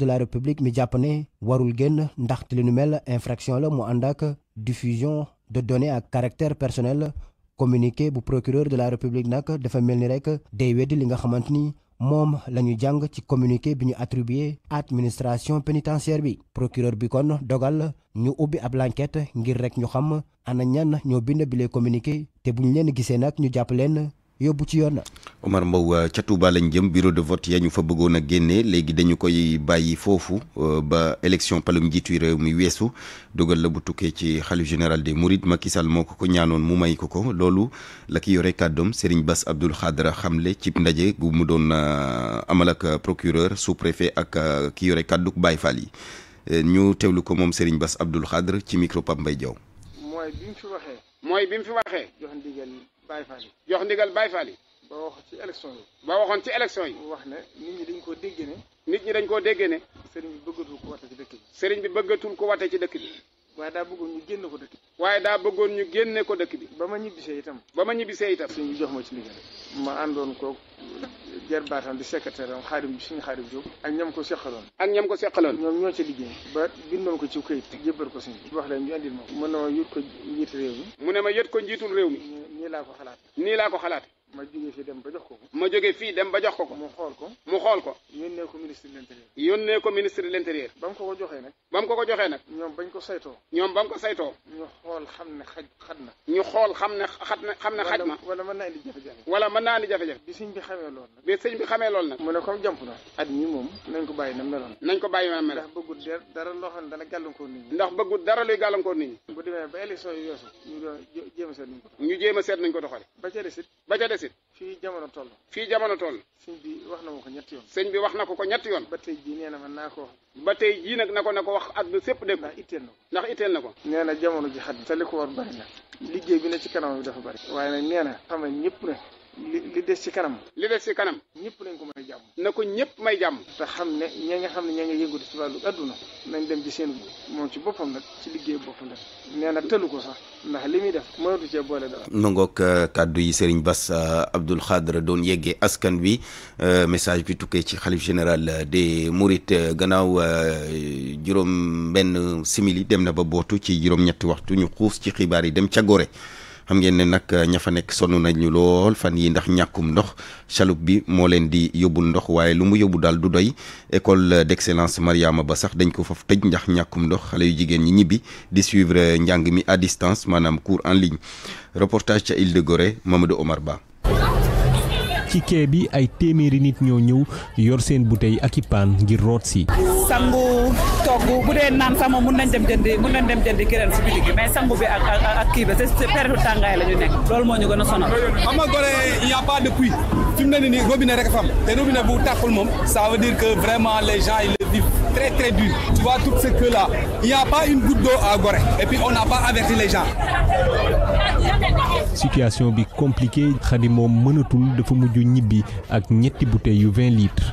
de la république mi jàpp ne warul génn ndaxte li nu mel infraction la mu ànd ak diffusion de données ak caractère personnel communiqué bu procureur de la république nag dafa mel ni rek day weddi li nga xamante ni moom la ñu jàng ci communiqué bi ñu attribué administration pénitentiaire bi procureur bi kon dogal ñu ubbi ab enquête ngir rek ñu xam ana ñan ñoo bind bile communiqué te bu ñu leen gisee nag ñu jàpp leen yóbbu ci yoon la. Omar Mbow euh, ca Touba lañ jëm bureau de vote ya fa bëggoon a léegi dañu koy bàyyi foofu euh, ba élection palum njiitu réew mi weesu dogal la bu tukkee ci xalif général des Mourides Macky Sall moo ko ko ñaanoon mu may ko ko loolu la ki yore kàddoom Serigne Bass Abdoul Khadra xamle cib ndaje gu mu doon euh, amal ak procureur sous préfet ak ki yore kàdduk Baye Fall yi ñu teewlu ko moom Serigne Bass Abdoul Khadra ci micro Pape Mbaye Diaw. Baye jox ndigal Baye yi ba waxoon ci élection yi ba waxoon ci élection yi wax nit ñi dañ koo dégg ne nit ñi dañ koo dégg ne sëriñ bi bëggatul ko wate ci dëkk bi sëriñ bi bëggatul ko wate ci dëkk bi waaye daa bëggoon ñu génne ko dëkk bi waaye daa bëggoon ñu génne ko dëkk bi ba ma ñibbisee itam ba ma ñibbisee itam suñu jox ma ci liggéey ma àndoon ko jarbaatam di secrétaire am xaarim bi suñu xaarim Jóob ak ñam ko seqaloon ak ñam ko seqaloon ñoom ñoo ca liggéey ba bindoon ko ci këyit jébbal ko suñu wax leen ñu andil ma ko mu ne ma yët ko njiitu réew mi mu ne ma yët ko njiitul réew mi nii laa ko xalaat nii laa ko xalaat ma jóge fii dem ba jox ko ko. ma jóge fii dem ba jox ko ko. mu xool ko mu xool ko. yónnee ko ministre de l'intérieur. yónnee ko ministre de l'intérieur. ba mu ko ko joxee nag. ba mu ko ko joxee nag. ñoom bañ ko saytoo. ñoom ba mu ko saytoo. ñu xool xam ne xaj xat na. ñu xool xam ne xat na xam ne xaj na. wala mën naa indi jafe-jafe. wala mën naa indi jafe-jafe. bi sëñ bi xamee lool nag. lool nag. mu ne comme jàmp na. at ñi moom nañ ko bàyyi na loo xam ne dana gàllankoor nit ñi. ndax bëggul dara luy gàllankoor nit ñi. bu demee ba élection yu yoosu ñu jéem seet nañ ko doxale ba ca desit. fii jamono toll. fii jamono toll. sëñ bi wax na ma ko ñetti yoon. sëñ bi wax na ko ko ñetti yoon. ba tey jii nee na man naa ko. ba tey jii nag na ko na ko wax ak sëpp dégg. ndax na ko ndax itteel na ko. nee na jamono ji xat. te li ko war bari na. liggéey bi ne ci kanam bi dafa bari. waaye nag nee na ne. li li des ci kanam. li des ñëpp nañ ko may jàmm. na ko ñëpp may jàmm. te xam ne ña nga xam ne ña nga yëngatu ci wàllu adduna. nañ dem ci seen moom ci boppam nag ci na tëlu ko sax ndax li muy def mënatu cee boole dara. nangook euh, kàddu yi Serigne Bass euh, Abdoul xadr doon yeggee askan bi euh, message bi tukkee ci xalif général des murit gannaaw juróom benn simili dem na ba bootu ci juróom-ñetti waxtu ñu xuus ci xibaar yi dem ca Gorée. xam ngeen ne nag ña fa nekk sonn nañu lool fan yi ndax ñàkkum ndox chaloupe bi moo leen di yóbbul ndox waaye lu mu yóbbu daal du doy école d'excellence Mariama Ba sax dañ ko faf tëj ndax ñàkkum ndox xale yu jigéen ñi ñibbi di suivre njàng mi à distance maanaam cours en ligne reportage ca Île de Gorée Mamadou Omar Ba. ci kee bi ay téeméeri nit ñoo ñëw yor seen bouteille ak i paan ngir root si sangu togg bu dee naan sax moom mun nañ dem nañ dem jëndi kireen si bitig bi mais sangu bi ak ak la ñu nekk loolu moo ñu gën a sonal xam ne nii robinet rek fa am te moom ça veut dire les gens ils le vivent très très dur tu vois tout a pas bi compliquée xadi moom mënatul dafa mujj ñibbi ak ñetti bouteilles yu vingt litres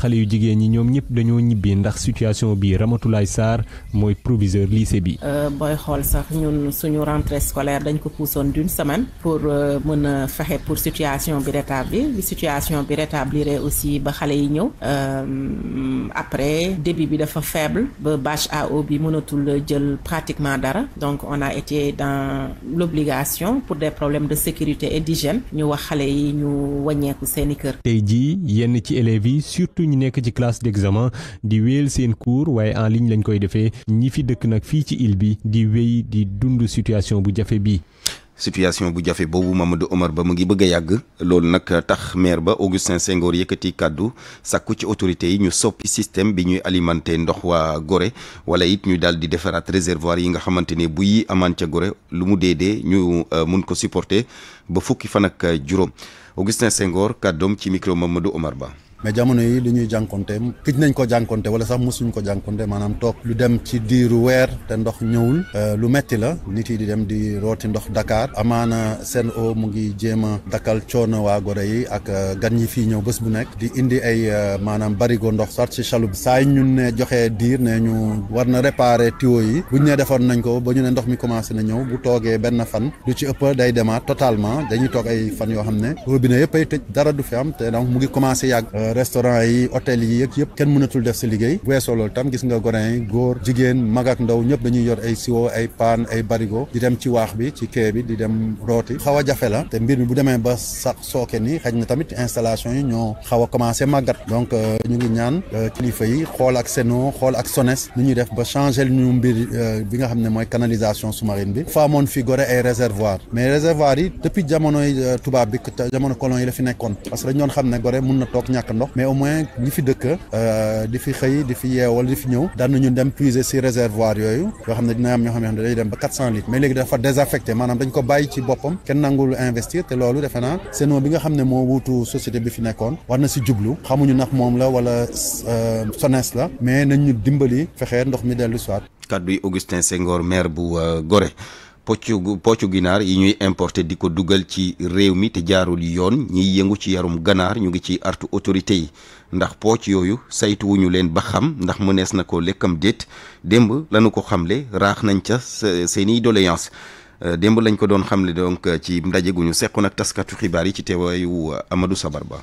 xale yu jigéen ñi ñoom ñëpp dañoo ñibbi ndax situation bi Ramatoulaye Sarr mooy proviseur lycée bi. Euh, booy xool sax ñun suñu rentrée scolaire dañ ko puusoon d'une semaine pour euh, mën a fexe pour situation bi rétablir bi situation bi rétablir aussi ba xale yi ñëw euh, après début bi dafa faible ba bâche à eau bi mënatul jël pratiquement dara donc on a été dans l'obligation pour des problèmes de sécurité et d'hygiène ñu wax xale yi ñu wàññeeku seeni kër. tey jii yooyu ñu nekk ci classe d'examen di wéyal seen cours waaye en lañ koy defee ñi fi dëkk nag fii ci île bi di di dund situation bu jafe bi situation bu jafe boobu Mamadou Omar ba mu ngi bëgg a yàgg loolu nag tax maire ba Augustin Senghor yëkkati kàddu sàkku ci autorités yi ñu soppi système bi ñuy alimenté ndox waa gore wala it ñu daal di defaraat réservoir yi nga xamante ne buy amaan ca Gorée lu mu dee dee ñu euh, mun ko supporter ba fukki fan ak juróom Augustin Senghor kàddoom ci micro Mamadou Omar Ba. mais jamono yi li ñuy jànkonte tëj nañ ko jànkonte wala sax mosuñ ko jànkonte maanaam toog lu dem ci diiru weer te ndox ñëwul euh, lu metti la nit yi di dem di rooti ndox Dakar amaana Sen'Eau mu ngi jéem a dakkal coono waa Gorée yi ak euh, gan yi fii ñëw bés bu nekk di indi ay euh, maanaam barigo ndox soit si chaloupe saa yi ñun ne joxee diir ne ñu war na réparer tuyau yi bu ñu ne defoon nañ ko ba ñu ne ndox mi commencé na ñëw bu toogee benn fan lu ci ëpp day demaat dañuy toog ay fan yoo xam ne robinet yëpp ay tëj dara du fi am te donc mu ngi commencé yàgg restaurant yi hôtel yi yëg yëpp kenn mënatul def sa liggéey weesoo loolu tam gis nga gorin yi góor jigéen mag ak ndaw ñëpp dañuy yor ay siwo ay paan ay barigo di dem ci waax bi ci kee bi di dem rooti xaw a jafe la te mbir mi bu demee ba sax sooke ni xaj na tamit installation yi ñoo xaw a commencé màggat donc euh, ñu ngi ñaan euh, kilifa yi xool ak Sen'Eau xool ak SONES ni ñu def ba changer ñu mbir euh, bi nga xam ne mooy canalisation sous-marine bi fa amoon fi gore ay réservoir mais réservoir yi depuis yi la fi nekkoon parce que dañ doon xam ne gore mun na ndox mais au moins ñi fi dëkk euh, di fi xëy di fi yeewal di fi ñëw daan nañu dem puiser si réservoir yooyu yoo xam ne dina am ñoo xam ne dañuy dem ba 400 litres mais léegi dafa désaffecté maanaam dañ ko bàyyi ci boppam kenn nangul investir te loolu defe naa Sen'Eau bi nga xam ne moo wuutu société bi fi nekkoon war na si jublu xamuñu nax moom la wala euh, SONES la mais nañ ñu dimbali fexe ndox mi dellu siwaat kaddu yi Augustin Senghor maire bu euh, gore poccu poccu ginaar yi ñuy importer di ko dugal ci réew mi te jaarul yoon ñiy yëngu ci yarum ganaar ñu ngi ci artu autorité yi ndax pooc yooyu saytuwuñu leen ba xam ndax mënees na ko lekkam déet démb lañu ko xamle raax nañ ca seeni doléance euh, démb lañ ko doon xamle donc ci ndaje gu ñu seqoon ak taskatu xibaar yi ci teewaayu Amadou Sabar Ba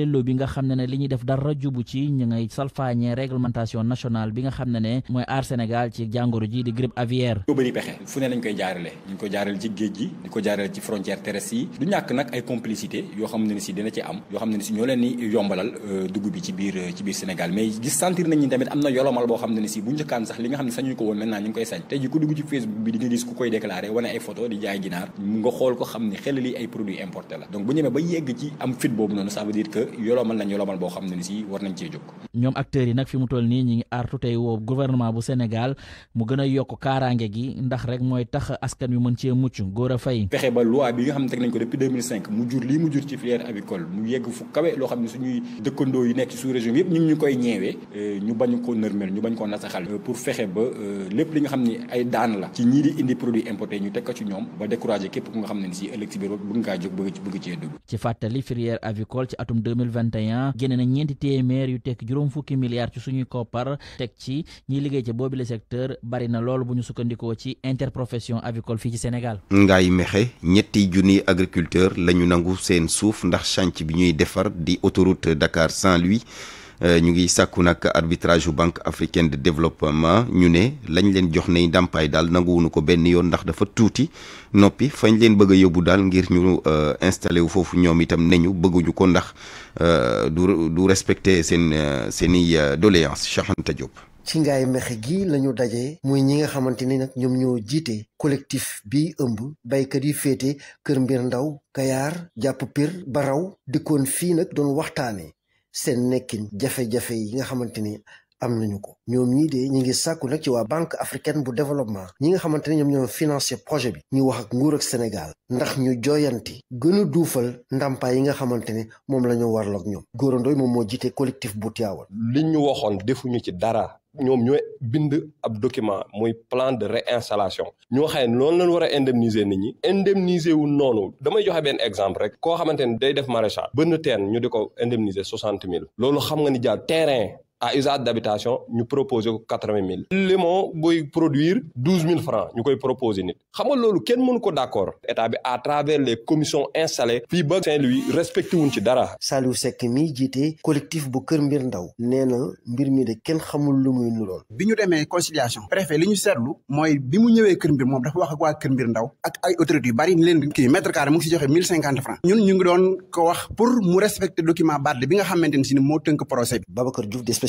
lello bi nga xam ne ne li ñuy def dara jubu ci ñu ngay salfaañee réglementation nationale bi nga xam ne ne mooy aar Sénégal ci géej gi di ko jaarale ci frontière terrestre yi du ñàkk nag ay complicité yoo xam ne ni si dina ci am na yolomal boo xam ne ni si bu njëkkaan sax li nga xam ne sañuñ ko woon maintenant ñu ngi koy sañ tey ji dugg ci Facebook bi di nga gis ku koy déclaré wane ay photo di jaay ginaar nga xool ko xam ne xel li ay produits importés la donc bu ñemee ba yegg yolomal nañ yolomal boo xam ne si war nañ cee jóg. ñoom acteurs yi nag fi mu toll nii ñi ngi artu tey woo gouvernement bu Sénégal mu gën a yokk kaaraange gi ndax rek mooy tax askan wi mën cee mucc góor a fay. fexe ba loi bi nga xam ne teg nañ ko depuis 2005 mu jur lii mu jur ci filière avicole mu yegg fu kawe loo xam ne suñuy dëkkandoo yi nekk ci sous région yëpp ñu ñu koy ñeewee euh, ñu bañ koo nërmel ñu bañ koo nasaxal euh, pour fexe ba euh, lépp li nga xam ne ay daan la ci ñii di indi produit ñu teg ko ci ñoom ba découragé képp ku nga xam ne ni si 2021 génne na ñeenti téeméer yu tekki juróom fukki milliards ci suñuy koppar teg ci ñiy liggéey ca boobi le secteur barina na loolu bu ñu sukkandikoo ci interprofession avicole fii ci Sénégal ngaay mexe ñetti junniy agriculteur la ñu nangu seen suuf ndax chantier bi ñuy defar di autoroute Dakar Saint-Louis Euh, ñu ngi sàkku nag arbitrage bu banque africaine de développement ñu ne lañ leen jox ne dàmpaay daal nanguwuñu ko benn yoon ndax dafa tuuti noppi fañ leen bëgg a yóbbu daal ngir ñu euh, installé wu foofu ñoom itam ne ñu bëgguñu ko ndax euh, du du respecter seen seen i doléance Cheikh Anta Diop ci ngaay mexe gi lañu daje mooy ñi nga xamante ni nag ñoom ñoo jiite collectif bi ëmb baykat yi féete kër mbir ndaw kayaar jàpp pir baraw dikkoon fii nag doon waxtaane seen nekkin jafe-jafe yi nga xamante ni am nañu ko ñoom ñii de ñi ngi sàkku nag ci waa banque africaine bu développement ñi nga xamante ne ñoom ñoo financé projet bi ñu wax ak nguur ak Sénégal ndax ñu jooyanti gën a duufal ndàmpaay yi nga xamante ne moom la ñu warloog ñoom góorandooy moom moo jiite collectif bu Tiwaawan liñ ñu waxoon defuñu ci dara ñoom ñooy bind ab document muy plan de réinstallation ñoo xam ne noonu lañ war a indemniser nit ñi indemniser wu noonu damay joxe benn exemple rek koo xamante ne day def maraîchage bënn teen ñu diko ko indemniser soixante mille loolu xam nga ni jaar terrain à usage d'habitation ñu proposé ko quatre-vingt mille limon buy produire douze mille francs ñu koy proposé nit xam nga loolu kenn mënu ko d'accord état bi à travers les commissions installées fii ba Saint-Louis respecté wuñ ci dara Saliou sekk mii jiite collectif bu Kër Mbir Ndaw nee na mbir mi de kenn xamul lu muy nuroon ñu demee conciliation préfet li ñu seetlu mooy bi mu ñëwee Kër Mbir moom dafa wax ak Kër Mbir Ndaw ay autorités bari ni leen kii mètre carré mu ngi si joxe mille cinquante francs ñun ñu ngi doon ko wax pour mu respecter document Barthe bi moo tënk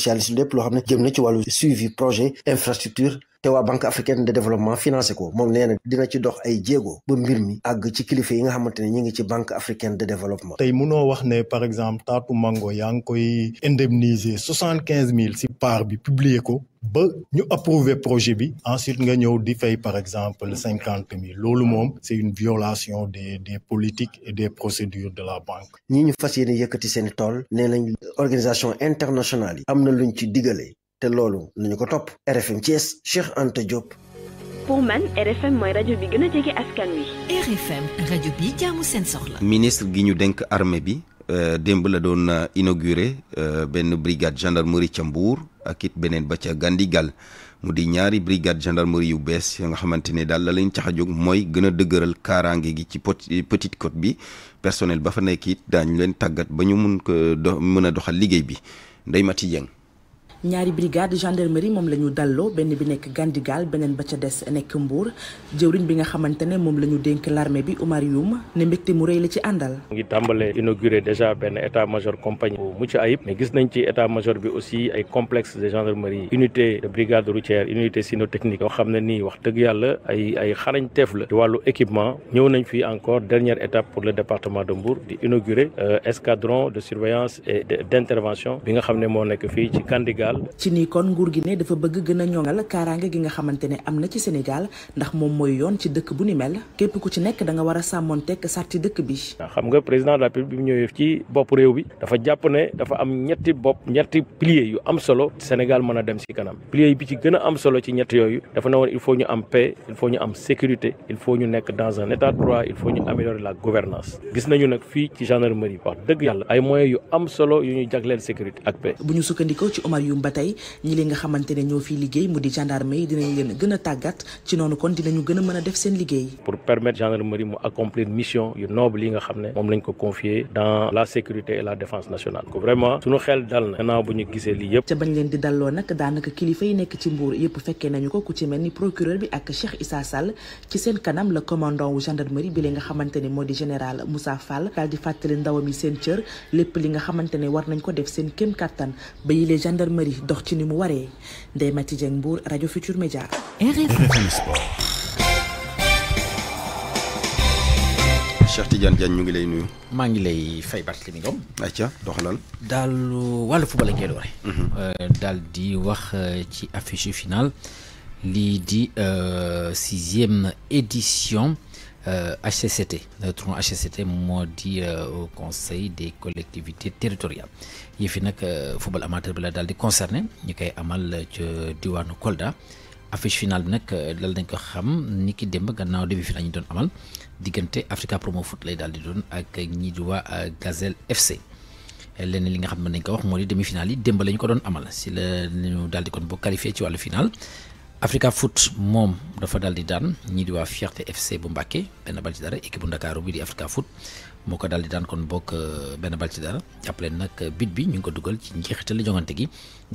spécialiste lépp loo xam ne jëm na ci wàllu suivi projet infrastructure te waa banque africaine de développement financé ko moom nee na dina ci dox ay jéego ba mbir mi àgg ci kilifa yi nga xamante ne ñi ngi ci banque africaine de développement tey mënoo wax ne par exemple taatu mango yaa ngi koy indemniser soixante quinze mille si part bi publier ko ba ñu approuver projet bi ensuite nga ñëw di fay par exemple cinquante mille loolu moom c'est une violation des des politiques et des procédures de la banque ñi ñu fas yéene yëkkati seen tool nee nañ organisation internationale yi am na luñ ci digale te loolu nañu ko topp RFM Thiès Cheikh Anta Diop. ministre gi ñu denk armée bi euh, démb la doon euh, inauguré euh, benn brigade gendarmerie ca Mbour ak it beneen ba ca gandi gal mu di ñaari brigade gendarmerie yu bees yoo nga xamante ne daal la leen tax a jóg mooy gën a dëgëral kaaraange gi ci Petite Côte bi personnel ba fa nekk it daañu leen tàggat ba ñu mun ko do mën a doxal liggéey bi Ndeye Mati Dieng. ñaari brigade gendarmerie moom la ñu dalloo benn bi nekk Gandigal beneen ba ca des nekk Mbour jëwriñ bi nga xamante ne moom la ñu dénk l'armée bi Oumar Youm ne mbégte mu rëy la ci àndal. mu ngi tàmbalee inauguré déjà benn état major compagnie bu mucc ayib mais gis nañ ci état major bi aussi ay complexe de gendarmerie unité de brigade routière unité cynotechnique yoo xam ne nii wax dëgg yàlla ay ay teef la ci wàllu équipement ñëw nañ fi encore dernière étape pour le département de Mbour di inauguré euh, escadron de surveillance et d'intervention bi nga xam ne moo nekk fii Sénégal. ci nii kon nguur gi ne dafa bëgg gën a ñoŋal kaaraange gi nga xamante ne am na ci Sénégal ndax moom mooy yoon ci dëkk bu ni mel képp ku ci nekk da nga war a sàmmoon tekk sarti dëkk bi. xam nga président de la République bi mu ñëwee ci bopp réew bi dafa jàpp ne dafa am ñetti bopp ñetti pilier yu am solo Sénégal mën a dem ci kanam pilier bi ci gën am solo ci ñett yooyu dafa ne woon il faut ñu am paix il faut ñu am sécurité il faut ñu nekk dans un état de droit il faut ñu améliorer la gouvernance gis nañu nag fii ci gendarmerie wax dëgg yàlla ay moyens yu am solo yu ñu jagleel sécurité ba tey ñi li nga xamante ne ñoo fiy liggéey mu di gendarme yi dinañ leen gën a tàggat ci noonu kon dinañu gën a mën a def seen liggéey. pour permettre gendarmerie mu accomplir mission yu noble ne moom lañ ko confier dans la sécurité et la défense nationale. ko vraiment suñu xel dal na. gannaaw bu ñu gisee lii nga xamante moo di général Moussa Fall daal di fàttali ndawam yi seen cër lépp li nga xamante war nañ ko def seen kéem kattan ba yile gendarmerie bi dox ci ni mu waree Ndeye Mathi Dieng Mbour rajo Futur Media. RFM Sport. Cheikh Tidiane Diagne ñu ngi lay nuyu. maa ngi lay fay Barthélémy Ngom. acca doxalal. daal wàllu football lañ koy doore. Mhm. Euh, daal di wax euh, ci affiche finale lii di euh, sixième édition. HCCT euh, tron HCCT moo di euh, au conseil des collectivités territoriales yi fi nag euh, football amateur bi la daal di concerné ñu koy amal ca diwaanu Kolda affiche finale bi nag dal dañ ko xam ni ki démb gannaaw début fi la ñu doon amal diggante Africa Promo Foot lay daal di doon ak ñii di waa Gazelle FC. leneen li nga xam ne dañ ko wax moo di demi-finale yi démb la ñu ko doon amal si la ñu daal di kon boo qualifié ci wàllu final Africa Foot moom dafa dal di daan ñii di waa Fierté FC bu Mbacké benn bal ci dara équipe bu Ndakaaru bi di Africa Foot moo ko daal di daan kon bokk euh, benn bal ci dara jàppale nag bit bi ñu ngi ko dugal ci njeexitali jongante gi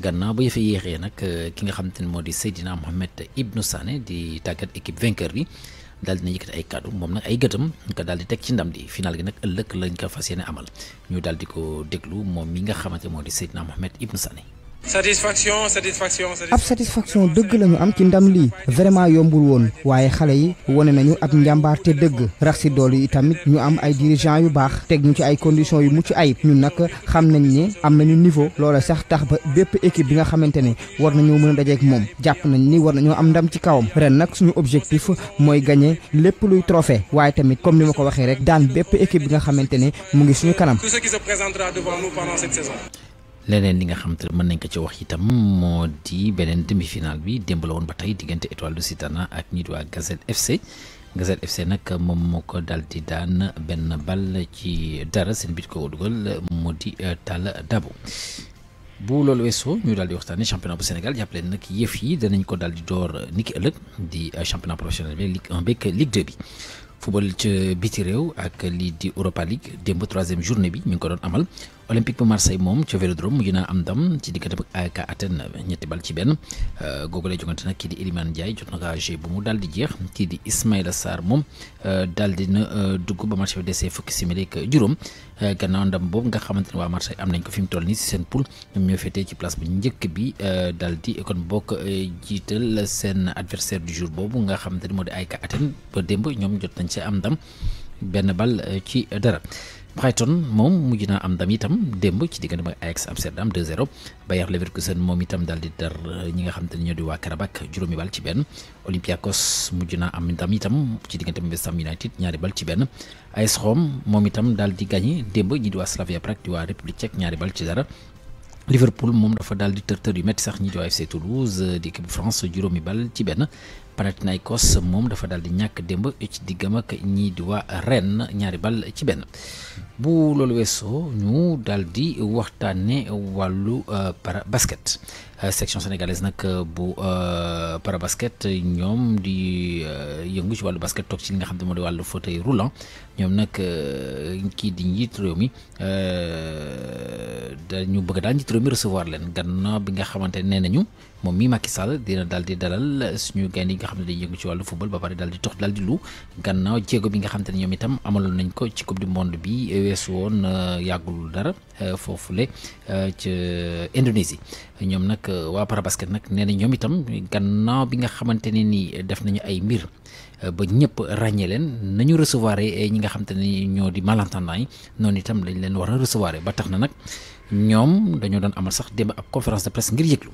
gannaaw ba yëfe yéexee nag euh, ki nga xam ne moo di Seydina Mohamed Ibnou Sané di tàggat équipe vainqueur bi daal dina yëkkati ay kàddu moom nag ay gëtam ñu ko daal di teg ci ndam di final gi nag ëllëg lañ ko fas yéene amal ñu daal di ko déglu moom mi nga xamante moo di Seydina Mohamed Ibnou Sané satisfaction satisfaction. ab satisfaction dëgg la ñu am ci ndam lii vraiment yombul woon waaye xale yi wane nañu ab te dëgg rax si dool yi tamit ñu am ay dirigeants yu baax teg ñu ci ay conditions yu mucc ayib ñun nag xam nañ ni am nañu niveau loola sax tax ba bépp équipe bi nga xamante ne war nañoo mën a dajeek moom jàpp nañ ni war nañoo am ndam ci kawam ren nag suñu objectif mooy gagné lépp luy trophée waaye tamit comme ni ma ko waxee rek daan bépp équipe bi nga xamante ne mu ngi suñu kanam. se leneen li nga xam te mën nañ ko ci wax itam moo di beneen demi-finale bi démb la woon ba tey diggante Étoile Lusitana ak ñi di waa Gazelle FC Gazelle nag moom moo ko daal di daan benn bal ci dara seen bit ko dugal moo di euh, Talla Dabo bu loolu weesoo ñu daal di waxtaanee championnat bu Sénégal jàppale nag yëf yi danañ ko daal di door niki ëllëg di euh, championnat professionnel bi Ligue 1 beeg Ligue 2 bi football ca biti réew ak lii di Europa League démb troisième journée bi ñu ngi ko doon amal. Olympique bu Marseille moom ca Vélodrome mujj naa am ndam ci diggante ak AEK ñetti bal ci benn euh, googu lay jogante nag kii di Iliman Ndiaye jot na ko bu mu daal di jeex kii di Ismaïla saar moom euh, daal di na euh, dugg ba match bi fukki simili ak juróom gannaaw ndam boobu nga xamante ne waa Marseille am nañ ko fi mu toll nii si seen poule ñoom ñoo féetee ci place bu njëkk bi daal di kon bokk jiital seen adversaire du jour boobu nga xamante ni moo di AEK Athènes ba démb ñoom jot nañ ci am ndam benn bal ci dara. Brighton moom mujj naa am ndam itam démb ci diggante mooy Ajax Amsterdam 2 Leverkusen moom itam daal di dar ñi nga xam te ne ñoo di waa Karabakh juróomi bal ci benn Olympiakos mujj naa am ndam itam ci diggante mooy West Ham United ñaari bal ci benn AS Rome moom itam daal di gagné démb ñi di waa Slavia Prague di waa République Tchèque ñaari bal ci dara. Liverpool moom dafa daal di tër tër yu métti sax ñi di waa FC Toulouse di équipe France juróomi benn Panathinaikos moom dafa daal di ñàkk démb ci diggam ak ñii di waa Rennes ñaari bal ci benn bu loolu weesoo ñu daal di waxtaane wàllu euh, para basket Euh, section sénégalaise nag euh, bu euh, para basket ñoom di yëngu ci wàllu basket toog ci li nga xam ne moo di wàllu fauteuil roulant ñoom nag kii di njiit réew mi dañu bëgg daal njiit réew mi recevoir leen gannaaw bi nga xamante ne nee nañu moom mi Macky Sall dina daal di dalal suñu gaynde yi nga xam ne dañuy yëngu ci wàllu football ba pare daal di tox daal di lu gannaaw jéego bi nga xam te ne ñoom itam amaloon nañ ko ci coupe du monde bi weesu woon yàggul dara foofu ca Indonésie ñoom ak euh, waa Parabasket nag nee na ñoom itam gannaaw bi nga xamante ne nii def nañu ay mbir euh, ba ñëpp ràññee leen nañu recevoir euh, ñi nga xamante ne ñoo di malentendants yi noonu itam lañ leen war a recevoir ba tax na nag ñoom dañoo doon amal sax démb ak conférence de presse ngir yëglu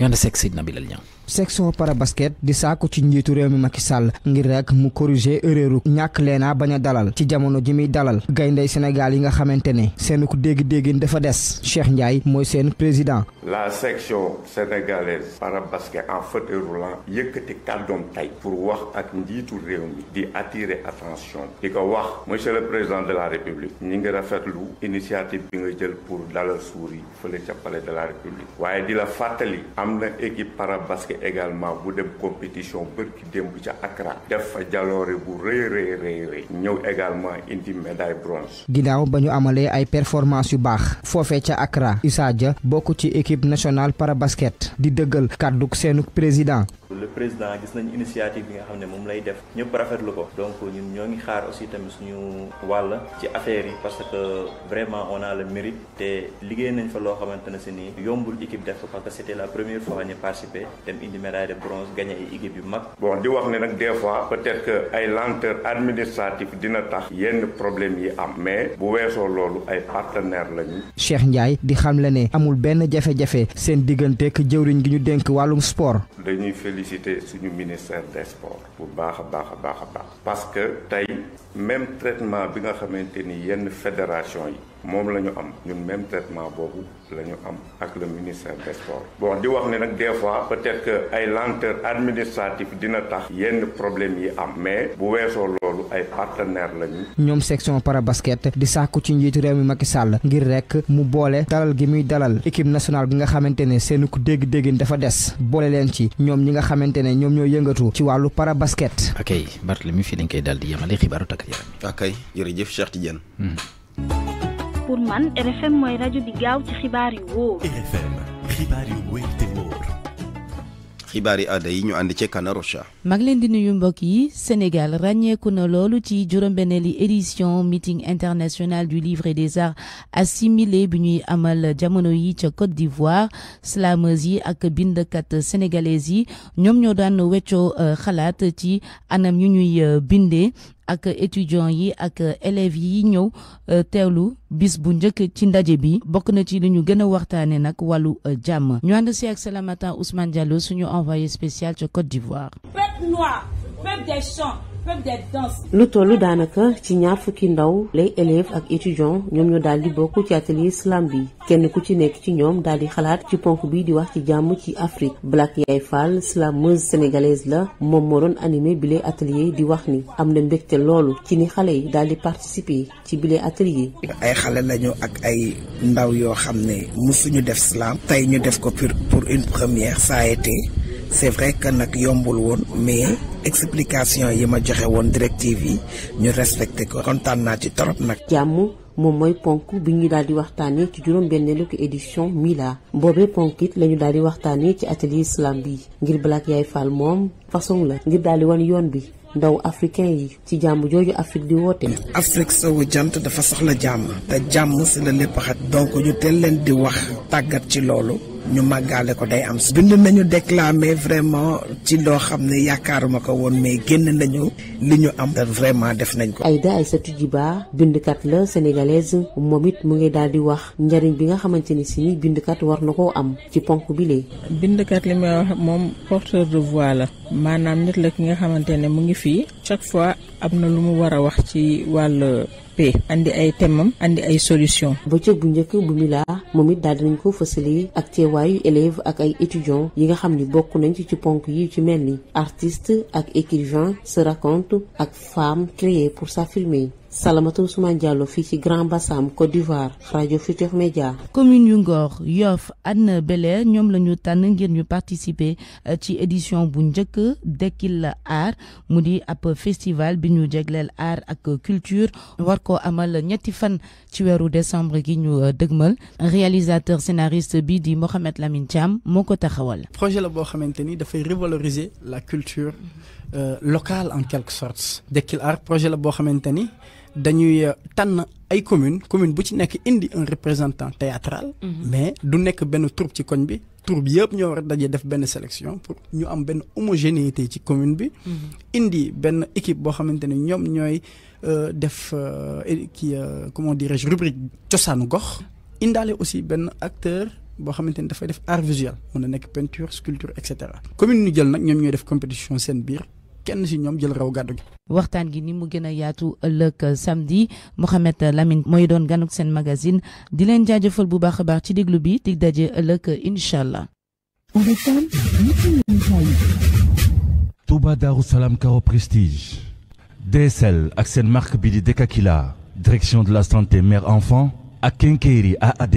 ñoo seksi Nabil Niang section para di saako ci njiitu réew mi Macky Sall ngir rek mu corriger erreur ñàkk leena bañ a dalal ci jamono ji muy dalal gayndey Sénégal yi nga xamante ne seen ko dégg-déggin dafa des Cheikh Ndiaye mooy seen président. la section sénégalaise para basket en fauteuil roulant yëkkati kàddoom tey pour wax ak njiitu réew mi di attirer attention di ko wax monsieur le président de la république ñi ngi rafetlu initiative bi nga jël pour dalal suur fële ca am na équipe parabasket également bu dem compétition bërki démb ca Accra def fa jaloore bu rëy rëy rëy ñëw également indi médaille bronze. ginnaaw ba ñu amalee ay performance yu baax foofe ca Accra Issa Dia bokk ci équipe nationale parabasket di dëggal kàdduk seenuk président le président gis nañ initiative bi nga xam ne moom lay def ñëpp rafetlu ko donc ñun ñoo ngi xaar aussi tamit suñu wàll ci affaire yi parce que vraiment on a le mérite te liggéey nañ fa loo xamante ne si ni yombul équipe def ko parce que c' était la première fois ñu participer dem indi médaille de bronze gagné ay équipe yu mag. bon di wax ne nag des fois être que ay lenteur administrative dina tax yenn problème yi am mais bu weesoo loolu ay partenaire lañu. Cheikh Ndiaye di xam la ne amul benn jafe-jafe seen digganteeg jëwriñ gi dénk wàllum féliciter suñu ministère des bu baax a baax a baax a baax parce que tey même traitement bi nga xamante ni yenn fédération yi moom la ñu am ñun même traitement boobu lañu am ak le ministère des sports bon di wax ne nag des fois peut-être que ay lenteur administrative dina tax yenn problème yi am mais bu weesoo loolu ay partenaire la ñoom section para basket di sàkku ci njiitu réew mi Macky Sall ngir rek mu boole dalal gi muy dalal équipe nationale bi nga xamante ne seen ku dégg-déggin dafa des boole leen ci ñoom ñi nga xamante ne ñoom ñoo yëngatu ci wàllu para basket. ok Barthélemy fii lañ koy daal di yemale xibaaru takk yaram. ok jërëjëf Cheikh Tidiane. Hmm. pour man RFM rajo bi gaaw ci xibaar yu wóor. RFM xibaar yu wóor te wóor. xibaari aada yi ñu ànd ci Kana Rocha. maa ngi leen di nuyu mbokk yi Sénégal ràññeeku na loolu ci juróom-benneeli édition meeting international du livre des arts assimilés bi ñuy amal jamono yi ca Côte d'Ivoire slameuse yi ak bindkat sénégalaises yi ñoom ñoo daan weccoo euh, xalaat ci anam yu ñuy euh, bindee. ak étudiants yi ak élèves yi ñëw euh, teewlu bis bu njëkk ci ndaje bi bokk na ci li ñu gën a waxtaanee nag wàllu euh, jàmm ñoo ànd si ak Salamata Ousmane suñu envoyé spécial ca Côte d'Ivoire. lu tollu daanaka ci ñaar fukki ndaw lay élèves ak étudiants ñoom ñoo daal di bokk ci atelier islam bi kenn ku ci nekk ci ñoom daal di xalaat ci ponk bi di wax ci jàmm ci Afrique Black Yaay Fall slameuse sénégalaise la moom moo doon animé bile atelier di wax ni am na mbégte loolu ci ni xale yi daal di participer ci bile atelier. ay xale lañu ak ay ndaw yoo xam ne musuñu def slam tey ñu def ko pour pour une première ça a été c'est vrai que nag yombul woon mais. explication yi ma joxe woon directive yi ñu respecté ko kontaan naa ci torop nag. jàmm moom mooy ponk bi ñu daal di waxtaanee ci juróom-benneelu ko édition Mila boobee ponk it la ñu daal di waxtaanee ci atelier islam bi ngir Black Yaay Fall moom façon la ngir daal di wan yoon bi. ndaw africain yi ci jàmm jooju Afrique di woote. Afrique sowu jant dafa soxla jàmm. te jàmm si la lépp xat donc ñu teel leen di wax tàggat ci loolu. ñu màggaale ko day am si bind nañu déclamer vraiment ci loo xam ne yaakaaruma ko woon mais génn nañu li ñu am vraiment def nañ ko Aïda Aïssatou Diba bindkat la sénégalaise moom it mu ngi daal di wax njariñ bi nga xamante ni si bindkat war na koo am ci ponk bi lee bindkat li may wax moom porteur de voix la maanaam nit la ki nga xamante ne mu ngi fii chaque fois am na lu mu war a wax ci wàll paix indi ay temam andi ay solution bëccëg bu njëkk bu moom it daal dinañ ko fësale ak teewaayu élèves ak ay étudiants yi nga xam ni bokk nañ ci ci ponk yi ci mel ni artiste ak écrivain se raconte ak femme créée pour s'affirmer Salamatoum suma Diallo fii ci Grand Bassam Côte d'Ivoire rajo Futurs Médias. commune yu Ngor Yoff Hann bel ñoom la ñu tànn ngir ñu participer euh, ci édition bu njëkk Dekkil Art mu di ab festival bi ñu jegleel art ak culture war ko amal ñetti fan ci weeru décembre gi ñu euh, dëgmal réalisateur scénariste bi di Mohamed Lamine Thiam moo ko taxawal. projet la boo xamante ni dafay revaloriser la culture. Euh, locale en quelque sorte Dekkil Art projet la boo xamante ni dañuy euh, tànn ay commune commune bu ci nekk indi un représentant théâtral mhm. mais du nekk benn troupe ci koñ bi troupe bi yëpp ñoo war a daje def benn sélection pour ñu am benn homogénéité ci commune bi mhm. indi benn équipe boo xamante ni ñoom ñooy euh, def kii comment dirais-je rubrique cosaanu gox indaale aussi benn acteur boo xamante ni dafay def art visuel mën na nekk peinture sculpture et cetera commune ñu jël nag ñoom ñooy def compétition seen biir kenn si ñoom jël raw gàddu gi. waxtaan gi ni mu gën a yaatu ëllëg euh, samedi Mouhamed Lamine mooy doon ganuk seen magazine di leen jaajëfal bu baax a baax ci déglu bi di daje ëllëg incha allah. Touba Darou Salam Caro Prestige. ak seen marque bi di Dekakila direction de la santé mère enfant ak Kenkeri AAD.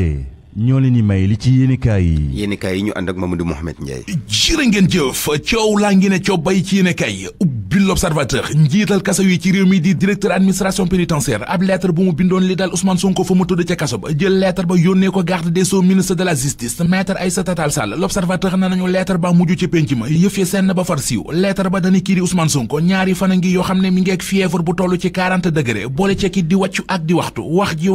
ñoo leen di may li ci yéenekaay yi. yéenekaay yi ñu ànd ak Mamadou Mouhamed Ndiaye. jërë ngeen jëf coow laa ngi ne coow bay ci yenekaay yi. ubbi l'observateur njiital kaso yi ci réew mi di directeur administration pénitentiaire ab lettre bu mu bindoon li dal Ousmane Sonko fa mu tëdd ca kaso ba jël lettre ba yónnee ko garde des sceaux ministre de la justice maître Aïssata Tall Sall l'observateur na nañu lettre ba mujj ci pénc ma yëf ya senn ba far siiw lettre ba dana kii di Ousmane Sonko ñaari fan a ngi yoo xam ne mi ngi ak bu toll ci 40 boole ci ki di wàccu ak di waxtu wax ji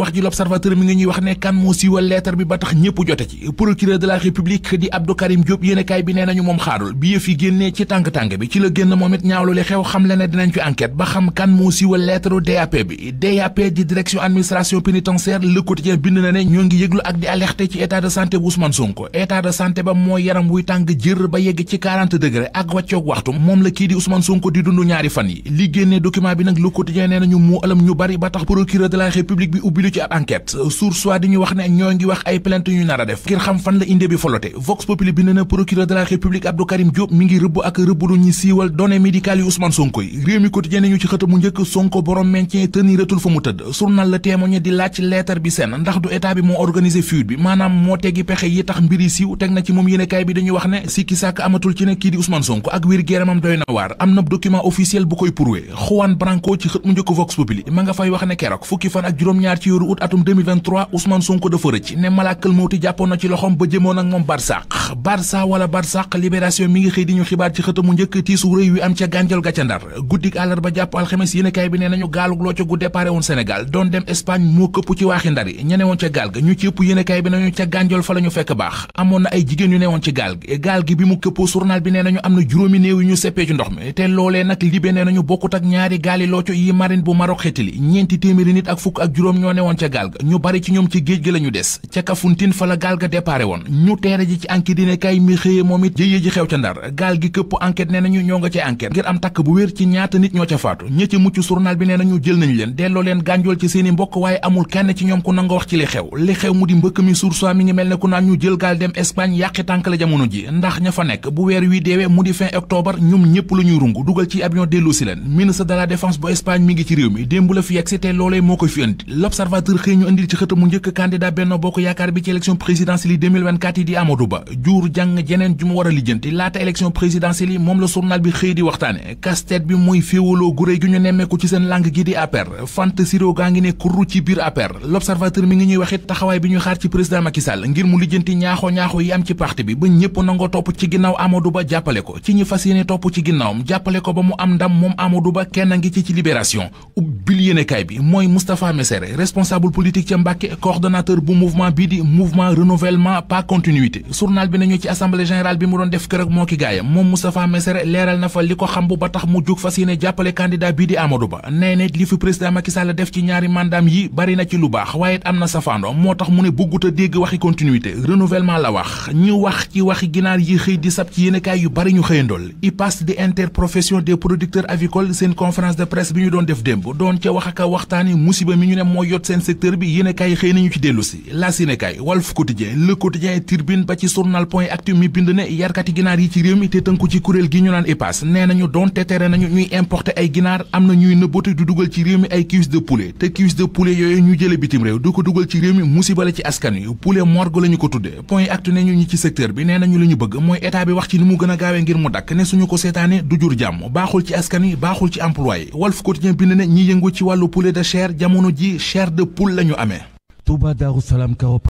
wax xew xam na ne dinañ ci enquête ba xam kan moo siiwal lettre DAP bi DAP di direction administration pénitentiaire Le na ñoo ngi yëglu ak di alerté ci état de santé bu Ousmane Sonko état de santé ba mooy yaram wuy tàng jër ba yegg ci 40 degré ak wàccoog waxtu moom la kii di Ousmane di dund ñaari fan yi li génnee document bi nag Le Quotidien nee nañu moo ëlëm ñu bari ba tax procureur de la république bi ubbilu ci ab enquête source soit di ñu wax ne ñoo ngi wax ay plainte ñu nar a def ngir xam fan la inde bi folote Vox Populi bind na procureur de la république Abdou Karim Diop ngi rëbb ak rëbb lu ñu siiwal donne médicales yu Ousmane Sonko yi réew mi quotidien ñu ci xët mu njëkk Sonko borom maintien teniratul fa ne sikki ma nga jàppoon na ci loxom ba jëmoon ak moom barsàq barsa wala barsàq libération mi ngi xëy di ñu xibaar ci xët mu njëkk tiisu réy wi am ca gànjal ga àllarba jàpp alxames yéenekaay bi nee nañu gaalug loo gu déparé woon Sénégal doon dem Espagne moo këpp ci waaxi ndar yi ña newoon ca gaal gi bi mu këppoo journal bi nee nañu am na juróomi néew yu ñu seppee ci ndox mi te loolee nag libé nee nañu bokkut ak ñaari gaali looco yi marine bu Maroc xeetali ñeenti téeméeri nit ak fukk ak juróom ñoo newoon ca gaal ga ñu bari ci ñoom ci géej gi la des ca Kafountine fa la gaal ga déparé woon ñu teere ñàkk bu wér ci ñaata nit ñoo ca faatu ña mucc journal bi nee nañu jël nañu leen delloo leen gànjool ci seeni mbokk waaye amul kenn ci ñoom ku nanga wax ci li xew li xew mu di mbëkk mi source mi ngi mel ne ku naan ñu jël gaal dem Espagne yàqi tànk jamono ji ndax ña fa nekk bu weer wi deewee mu di fin octobre ñoom ñëpp la ñuy dugal ci avion dellu si leen ministre de la défense bu Espagne mi ngi ci réew mi démb la fi yegsi te loolee moo koy fi casse-tête bi mooy féewaloo gu gi ñu nemmeeku ci seen langue gi di APR fant siro gaa ngi ne kurru ci biir APR l'observateur mi ngi ñuy waxit taxawaay bi ñuy xaar ci président Macky ngir mu lijjanti ñaaxo ñaaxo yi am ci parti bi ba ñëpp nangoo topp ci ginnaaw Amadou Ba jàppale ko ci ñi fas yéene topp ci ginnaawam jàppale ko ba mu am ndam moom Amadou Ba kenn ngi ci ci libération ubbil yéenekaay bi mooy Moustapha Messere responsable politique ca Mbàkke tax mu jug fas yéene jàppale candidat bii di Amadou Ba nee na li fi président Macky Sall def ci ñaari mandaam yi bari na ci lu baax waaye am na safaando moo tax mu ne bëggut a dégg waxi continuité renouvellement la wax ñu wax ci waxi ginaar yi xëy di sab ci yéenekaay yu bari ñu xëyandool IPAS di interprofession des producteurs avicoles seen conférence de presse bi ñu doon def démb doon ca wax ak a waxtaani musiba mi ñu ne moo yot seen secteur bi yéenekaay xëy nañu ci dellu si laas yéenekaay Walf Quotidien Le Quotidien Tribune ba ci journal Point ginaar yi ci réew mi te ci kuréel gi ñu naan IPAS nee nañu doon te tere nañu ñuy importer ay ginaar am na ñuy nëbbatu du dugal ci réew mi ay cuisse de poulet te cuisse de poulet yooyu ñu jële bitim réew du ko dugal ci réew mi musiba la ci askan wi poulet morgue la ñu ko tudde point actu ne ñu ñi ci bi nee nañu li ñu bëgg mooy état bi wax ci ni mu gën a gaawee ngir mu dakk ne suñu ko seetaane du jur jàmm baaxul ci askan wi baaxul ci employé Walf Quotidien bind ne ñi yëngu ci wàllu poulet de chair jamono ji chair de poule la